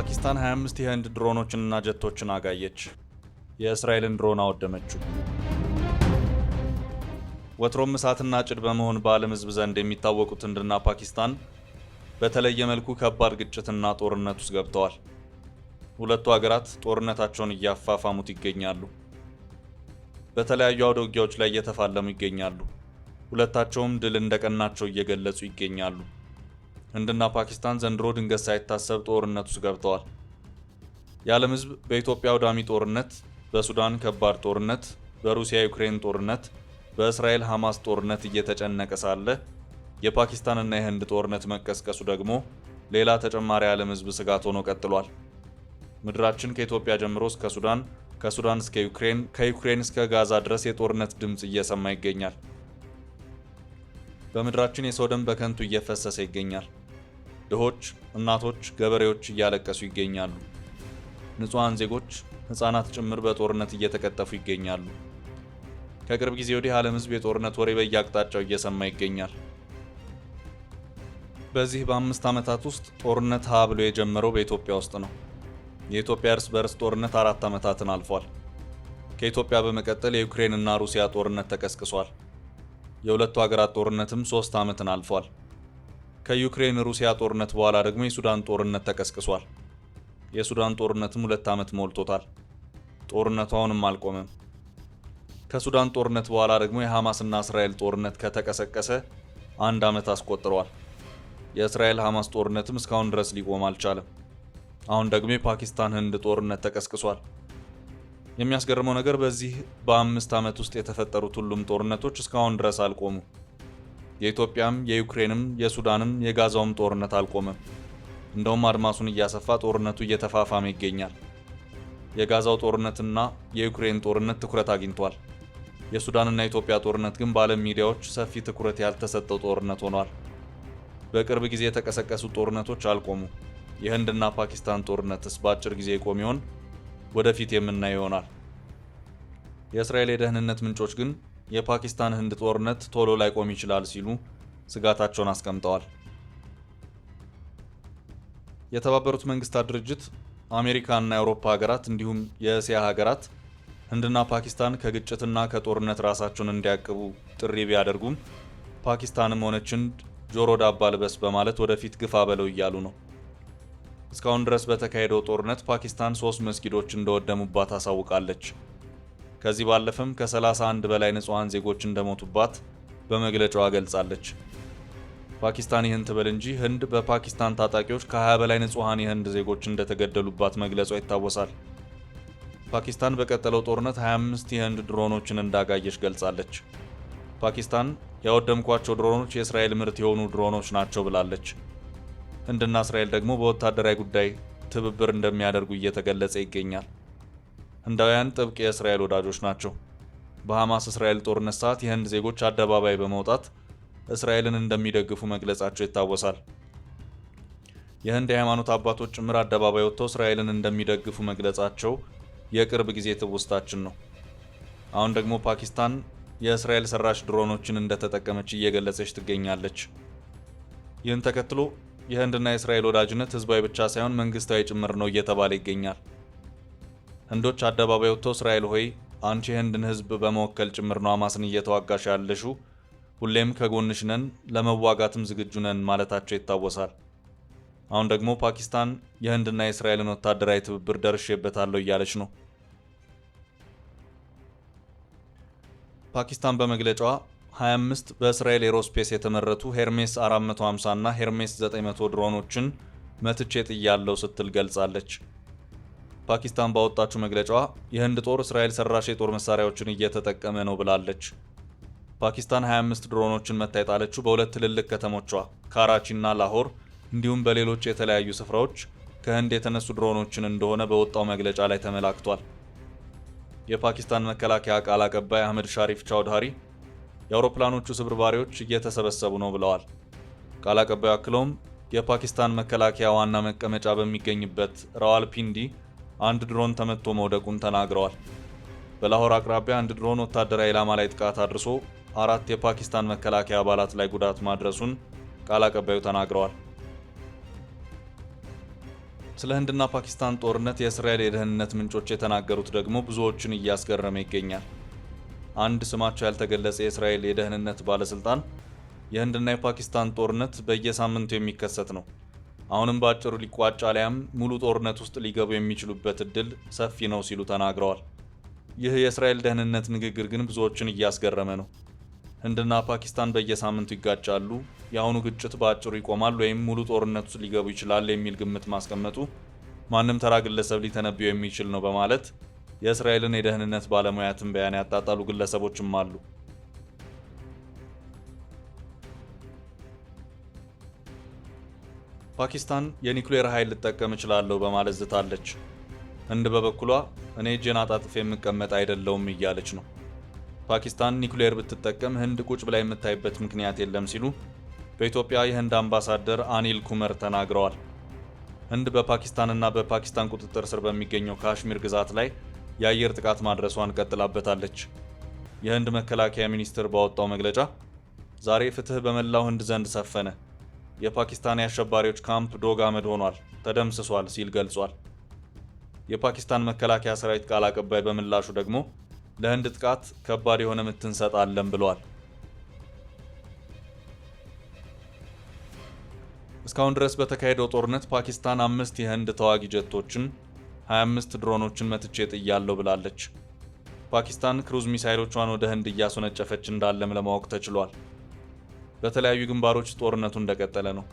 ፓኪስታን 25 የህንድ ድሮኖችንና ጀቶችን አጋየች። የእስራኤልን ድሮን አወደመችው። ወትሮም እሳትና ጭድ በመሆን በዓለም ህዝብ ዘንድ የሚታወቁት ህንድና ፓኪስታን በተለየ መልኩ ከባድ ግጭትና ጦርነት ውስጥ ገብተዋል። ሁለቱ ሀገራት ጦርነታቸውን እያፋፋሙት ይገኛሉ። በተለያዩ አውደ ውጊያዎች ላይ እየተፋለሙ ይገኛሉ። ሁለታቸውም ድል እንደቀናቸው እየገለጹ ይገኛሉ። ህንድና ፓኪስታን ዘንድሮ ድንገት ሳይታሰብ ጦርነት ውስጥ ገብተዋል። የዓለም ህዝብ በኢትዮጵያ አውዳሚ ጦርነት፣ በሱዳን ከባድ ጦርነት፣ በሩሲያ ዩክሬን ጦርነት፣ በእስራኤል ሐማስ ጦርነት እየተጨነቀ ሳለ የፓኪስታንና የህንድ ጦርነት መቀስቀሱ ደግሞ ሌላ ተጨማሪ የዓለም ህዝብ ስጋት ሆኖ ቀጥሏል። ምድራችን ከኢትዮጵያ ጀምሮ እስከ ሱዳን፣ ከሱዳን እስከ ዩክሬን፣ ከዩክሬን እስከ ጋዛ ድረስ የጦርነት ድምፅ እየሰማ ይገኛል። በምድራችን የሰው ደም በከንቱ እየፈሰሰ ይገኛል። ድሆች፣ እናቶች፣ ገበሬዎች እያለቀሱ ይገኛሉ። ንጹሐን ዜጎች፣ ሕፃናት ጭምር በጦርነት እየተቀጠፉ ይገኛሉ። ከቅርብ ጊዜ ወዲህ ዓለም ሕዝብ የጦርነት ወሬ በየአቅጣጫው እየሰማ ይገኛል። በዚህ በአምስት ዓመታት ውስጥ ጦርነት ሀ ብሎ የጀመረው በኢትዮጵያ ውስጥ ነው። የኢትዮጵያ እርስ በርስ ጦርነት አራት ዓመታትን አልፏል። ከኢትዮጵያ በመቀጠል የዩክሬንና ሩሲያ ጦርነት ተቀስቅሷል። የሁለቱ ሀገራት ጦርነትም ሶስት ዓመትን አልፏል። ከዩክሬን ሩሲያ ጦርነት በኋላ ደግሞ የሱዳን ጦርነት ተቀስቅሷል። የሱዳን ጦርነትም ሁለት ዓመት ሞልቶታል። ጦርነቱ አሁንም አልቆመም። ከሱዳን ጦርነት በኋላ ደግሞ የሐማስና እስራኤል ጦርነት ከተቀሰቀሰ አንድ ዓመት አስቆጥሯል። የእስራኤል ሐማስ ጦርነትም እስካሁን ድረስ ሊቆም አልቻለም። አሁን ደግሞ የፓኪስታን ህንድ ጦርነት ተቀስቅሷል። የሚያስገርመው ነገር በዚህ በአምስት ዓመት ውስጥ የተፈጠሩት ሁሉም ጦርነቶች እስካሁን ድረስ አልቆሙ። የኢትዮጵያም የዩክሬንም የሱዳንም የጋዛውም ጦርነት አልቆመም። እንደውም አድማሱን እያሰፋ ጦርነቱ እየተፋፋመ ይገኛል። የጋዛው ጦርነትና የዩክሬን ጦርነት ትኩረት አግኝቷል። የሱዳንና የኢትዮጵያ ጦርነት ግን በዓለም ሚዲያዎች ሰፊ ትኩረት ያልተሰጠው ጦርነት ሆኗል። በቅርብ ጊዜ የተቀሰቀሱ ጦርነቶች አልቆሙ። የህንድና ፓኪስታን ጦርነትስ በአጭር ጊዜ ይቆም ይሆን? ወደፊት የምናየው ይሆናል። የእስራኤል የደህንነት ምንጮች ግን የፓኪስታን ህንድ ጦርነት ቶሎ ላይቆም ይችላል ሲሉ ስጋታቸውን አስቀምጠዋል። የተባበሩት መንግስታት ድርጅት አሜሪካና የአውሮፓ ሀገራት እንዲሁም የእስያ ሀገራት ህንድና ፓኪስታን ከግጭትና ከጦርነት ራሳቸውን እንዲያቅቡ ጥሪ ቢያደርጉም ፓኪስታንም ሆነች ህንድ ጆሮ ዳባ ልበስ በማለት ወደፊት ግፋ በለው እያሉ ነው። እስካሁን ድረስ በተካሄደው ጦርነት ፓኪስታን ሶስት መስጊዶች እንደወደሙባት አሳውቃለች። ከዚህ ባለፈም ከ31 በላይ ንጹሐን ዜጎች እንደሞቱባት በመግለጫዋ ገልጻለች። ፓኪስታን ይህን ትበል እንጂ ህንድ በፓኪስታን ታጣቂዎች ከ20 በላይ ንጹሐን የህንድ ዜጎች እንደተገደሉባት መግለጿ ይታወሳል። ፓኪስታን በቀጠለው ጦርነት 25 የህንድ ድሮኖችን እንዳጋየች ገልጻለች። ፓኪስታን ያወደምኳቸው ድሮኖች የእስራኤል ምርት የሆኑ ድሮኖች ናቸው ብላለች። ህንድና እስራኤል ደግሞ በወታደራዊ ጉዳይ ትብብር እንደሚያደርጉ እየተገለጸ ይገኛል። ህንዳውያን ጥብቅ የእስራኤል ወዳጆች ናቸው። በሐማስ እስራኤል ጦርነት ሰዓት የህንድ ዜጎች አደባባይ በመውጣት እስራኤልን እንደሚደግፉ መግለጻቸው ይታወሳል። የህንድ የሃይማኖት አባቶች ጭምር አደባባይ ወጥተው እስራኤልን እንደሚደግፉ መግለጻቸው የቅርብ ጊዜ ትውስታችን ነው። አሁን ደግሞ ፓኪስታን የእስራኤል ሰራሽ ድሮኖችን እንደተጠቀመች እየገለጸች ትገኛለች። ይህን ተከትሎ የህንድና የእስራኤል ወዳጅነት ህዝባዊ ብቻ ሳይሆን መንግስታዊ ጭምር ነው እየተባለ ይገኛል። ህንዶች አደባባይ ወጥቶ እስራኤል ሆይ አንቺ የህንድን ህዝብ በመወከል ጭምር ነው አማስን እየተዋጋሽ ያለሹ፣ ሁሌም ከጎንሽ ነን፣ ለመዋጋትም ዝግጁ ነን ማለታቸው ይታወሳል። አሁን ደግሞ ፓኪስታን የህንድና የእስራኤልን ወታደራዊ ትብብር ደርሼበታለሁ እያለች ነው። ፓኪስታን በመግለጫዋ 25 በእስራኤል ኤሮስፔስ የተመረቱ ሄርሜስ 450 እና ሄርሜስ 900 ድሮኖችን መትቼ ጥያለው ስትል ገልጻለች። ፓኪስታን ባወጣችው መግለጫዋ የህንድ ጦር እስራኤል ሰራሽ የጦር መሳሪያዎችን እየተጠቀመ ነው ብላለች። ፓኪስታን 25 ድሮኖችን መታ የጣለችው በሁለት ትልልቅ ከተሞቿ እና ላሆር እንዲሁም በሌሎች የተለያዩ ስፍራዎች ከህንድ የተነሱ ድሮኖችን እንደሆነ በወጣው መግለጫ ላይ ተመላክቷል። የፓኪስታን መከላከያ ቃል አቀባይ አህመድ ሻሪፍ ቻውድሃሪ የአውሮፕላኖቹ ስብርባሪዎች እየተሰበሰቡ ነው ብለዋል። ቃል አቀባዩ አክለውም የፓኪስታን መከላከያ ዋና መቀመጫ በሚገኝበት ራዋልፒንዲ አንድ ድሮን ተመቶ መውደቁን ተናግረዋል። በላሆር አቅራቢያ አንድ ድሮን ወታደራዊ ኢላማ ላይ ጥቃት አድርሶ አራት የፓኪስታን መከላከያ አባላት ላይ ጉዳት ማድረሱን ቃል አቀባዩ ተናግረዋል። ስለ ህንድና ፓኪስታን ጦርነት የእስራኤል የደህንነት ምንጮች የተናገሩት ደግሞ ብዙዎችን እያስገረመ ይገኛል። አንድ ስማቸው ያልተገለጸ የእስራኤል የደህንነት ባለስልጣን የህንድና የፓኪስታን ጦርነት በየሳምንቱ የሚከሰት ነው አሁንም በአጭሩ ሊቋጭ አሊያም ሙሉ ጦርነት ውስጥ ሊገቡ የሚችሉበት እድል ሰፊ ነው ሲሉ ተናግረዋል። ይህ የእስራኤል ደህንነት ንግግር ግን ብዙዎችን እያስገረመ ነው። ህንድና ፓኪስታን በየሳምንቱ ይጋጫሉ፣ የአሁኑ ግጭት በአጭሩ ይቆማል ወይም ሙሉ ጦርነት ውስጥ ሊገቡ ይችላል የሚል ግምት ማስቀመጡ ማንም ተራ ግለሰብ ሊተነብየው የሚችል ነው በማለት የእስራኤልን የደህንነት ባለሙያ ትንበያን ያጣጣሉ ግለሰቦችም አሉ። ፓኪስታን የኒውክሌር ኃይል ልጠቀም እችላለሁ በማለት ዝታለች። ህንድ በበኩሏ እኔ እጄን ጣጥፍ የምቀመጥ አይደለውም እያለች ነው። ፓኪስታን ኒውክሌር ብትጠቀም ህንድ ቁጭ ብላ የምታይበት ምክንያት የለም ሲሉ በኢትዮጵያ የህንድ አምባሳደር አኒል ኩመር ተናግረዋል። ህንድ በፓኪስታንና በፓኪስታን ቁጥጥር ስር በሚገኘው ካሽሚር ግዛት ላይ የአየር ጥቃት ማድረሷን ቀጥላበታለች። የህንድ መከላከያ ሚኒስትር ባወጣው መግለጫ ዛሬ ፍትህ በመላው ህንድ ዘንድ ሰፈነ የፓኪስታን የአሸባሪዎች ካምፕ ዶግ አመድ ሆኗል፣ ተደምስሷል ሲል ገልጿል። የፓኪስታን መከላከያ ሰራዊት ቃል አቀባይ በምላሹ ደግሞ ለህንድ ጥቃት ከባድ የሆነ ምት እንሰጣለን ብለዋል። እስካሁን ድረስ በተካሄደው ጦርነት ፓኪስታን አምስት የህንድ ተዋጊ ጀቶችን 25 ድሮኖችን መትቼ ጥያለሁ ብላለች። ፓኪስታን ክሩዝ ሚሳይሎቿን ወደ ህንድ እያስወነጨፈች እንዳለም ለማወቅ ተችሏል። በተለያዩ ግንባሮች ጦርነቱ እንደቀጠለ ነው።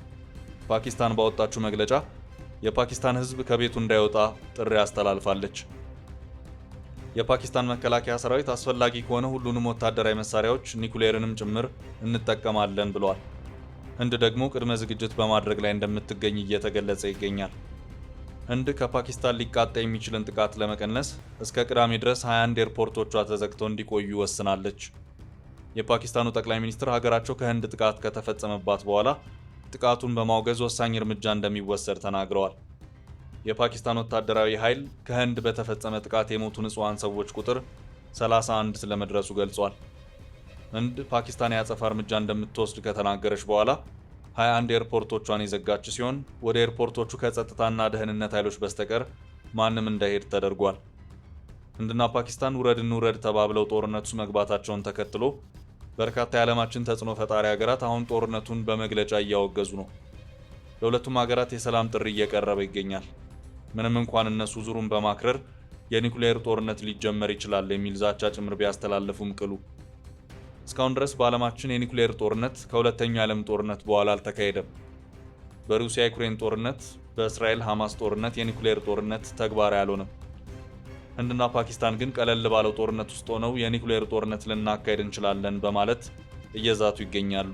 ፓኪስታን ባወጣችው መግለጫ የፓኪስታን ሕዝብ ከቤቱ እንዳይወጣ ጥሪ አስተላልፋለች። የፓኪስታን መከላከያ ሰራዊት አስፈላጊ ከሆነ ሁሉንም ወታደራዊ መሳሪያዎች ኒኩሌርንም ጭምር እንጠቀማለን ብሏል። ህንድ ደግሞ ቅድመ ዝግጅት በማድረግ ላይ እንደምትገኝ እየተገለጸ ይገኛል። ህንድ ከፓኪስታን ሊቃጣ የሚችልን ጥቃት ለመቀነስ እስከ ቅዳሜ ድረስ 21 ኤርፖርቶቿ ተዘግተው እንዲቆዩ ወስናለች። የፓኪስታኑ ጠቅላይ ሚኒስትር ሀገራቸው ከህንድ ጥቃት ከተፈጸመባት በኋላ ጥቃቱን በማውገዝ ወሳኝ እርምጃ እንደሚወሰድ ተናግረዋል። የፓኪስታን ወታደራዊ ኃይል ከህንድ በተፈጸመ ጥቃት የሞቱ ንጹሐን ሰዎች ቁጥር 31 ስለመድረሱ ገልጿል። ህንድ ፓኪስታን የአጸፋ እርምጃ እንደምትወስድ ከተናገረች በኋላ 21 ኤርፖርቶቿን የዘጋች ሲሆን ወደ ኤርፖርቶቹ ከጸጥታና ደህንነት ኃይሎች በስተቀር ማንም እንዳይሄድ ተደርጓል። ህንድና ፓኪስታን ውረድ እንውረድ ተባብለው ጦርነቱ መግባታቸውን ተከትሎ በርካታ የዓለማችን ተጽዕኖ ፈጣሪ ሀገራት አሁን ጦርነቱን በመግለጫ እያወገዙ ነው። ለሁለቱም ሀገራት የሰላም ጥሪ እየቀረበ ይገኛል። ምንም እንኳን እነሱ ዙሩን በማክረር የኒኩሌር ጦርነት ሊጀመር ይችላል የሚል ዛቻ ጭምር ቢያስተላለፉም ቅሉ እስካሁን ድረስ በዓለማችን የኒኩሌር ጦርነት ከሁለተኛው የዓለም ጦርነት በኋላ አልተካሄደም። በሩሲያ ዩክሬን ጦርነት፣ በእስራኤል ሐማስ ጦርነት የኒኩሌር ጦርነት ተግባራዊ አልሆነም። ህንድና ፓኪስታን ግን ቀለል ባለው ጦርነት ውስጥ ሆነው የኒውክሌር ጦርነት ልናካሄድ እንችላለን በማለት እየዛቱ ይገኛሉ።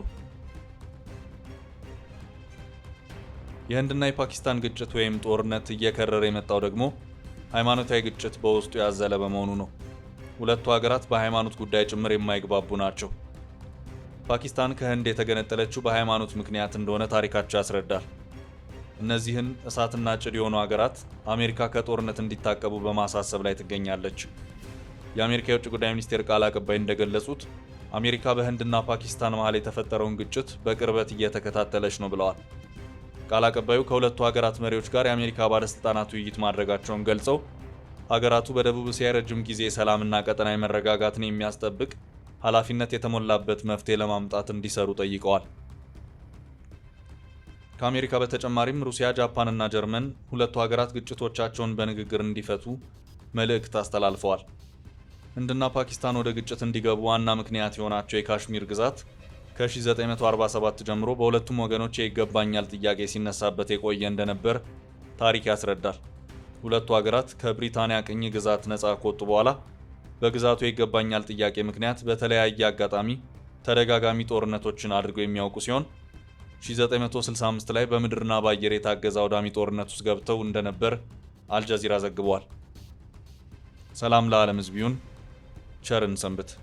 የህንድና የፓኪስታን ግጭት ወይም ጦርነት እየከረረ የመጣው ደግሞ ሃይማኖታዊ ግጭት በውስጡ ያዘለ በመሆኑ ነው። ሁለቱ ሀገራት በሃይማኖት ጉዳይ ጭምር የማይግባቡ ናቸው። ፓኪስታን ከህንድ የተገነጠለችው በሃይማኖት ምክንያት እንደሆነ ታሪካቸው ያስረዳል። እነዚህን እሳትና ጭድ የሆኑ ሀገራት አሜሪካ ከጦርነት እንዲታቀቡ በማሳሰብ ላይ ትገኛለች። የአሜሪካ የውጭ ጉዳይ ሚኒስቴር ቃል አቀባይ እንደገለጹት አሜሪካ በህንድና ፓኪስታን መሃል የተፈጠረውን ግጭት በቅርበት እየተከታተለች ነው ብለዋል። ቃል አቀባዩ ከሁለቱ ሀገራት መሪዎች ጋር የአሜሪካ ባለስልጣናት ውይይት ማድረጋቸውን ገልጸው ሀገራቱ በደቡብ እስያ ረጅም ጊዜ ሰላምና ቀጠናዊ መረጋጋትን የሚያስጠብቅ ኃላፊነት የተሞላበት መፍትሄ ለማምጣት እንዲሰሩ ጠይቀዋል። ከአሜሪካ በተጨማሪም ሩሲያ፣ ጃፓንና ጀርመን ሁለቱ ሀገራት ግጭቶቻቸውን በንግግር እንዲፈቱ መልእክት አስተላልፈዋል። ህንድና ፓኪስታን ወደ ግጭት እንዲገቡ ዋና ምክንያት የሆናቸው የካሽሚር ግዛት ከ1947 ጀምሮ በሁለቱም ወገኖች የይገባኛል ጥያቄ ሲነሳበት የቆየ እንደነበር ታሪክ ያስረዳል። ሁለቱ ሀገራት ከብሪታንያ ቅኝ ግዛት ነፃ ከወጡ በኋላ በግዛቱ የይገባኛል ጥያቄ ምክንያት በተለያየ አጋጣሚ ተደጋጋሚ ጦርነቶችን አድርገው የሚያውቁ ሲሆን 1965 ላይ በምድርና በአየር የታገዘ አውዳሚ ጦርነት ውስጥ ገብተው እንደነበር አልጃዚራ ዘግቧል። ሰላም ለዓለም ሕዝብ ይሁን። ቸርን ሰንብት።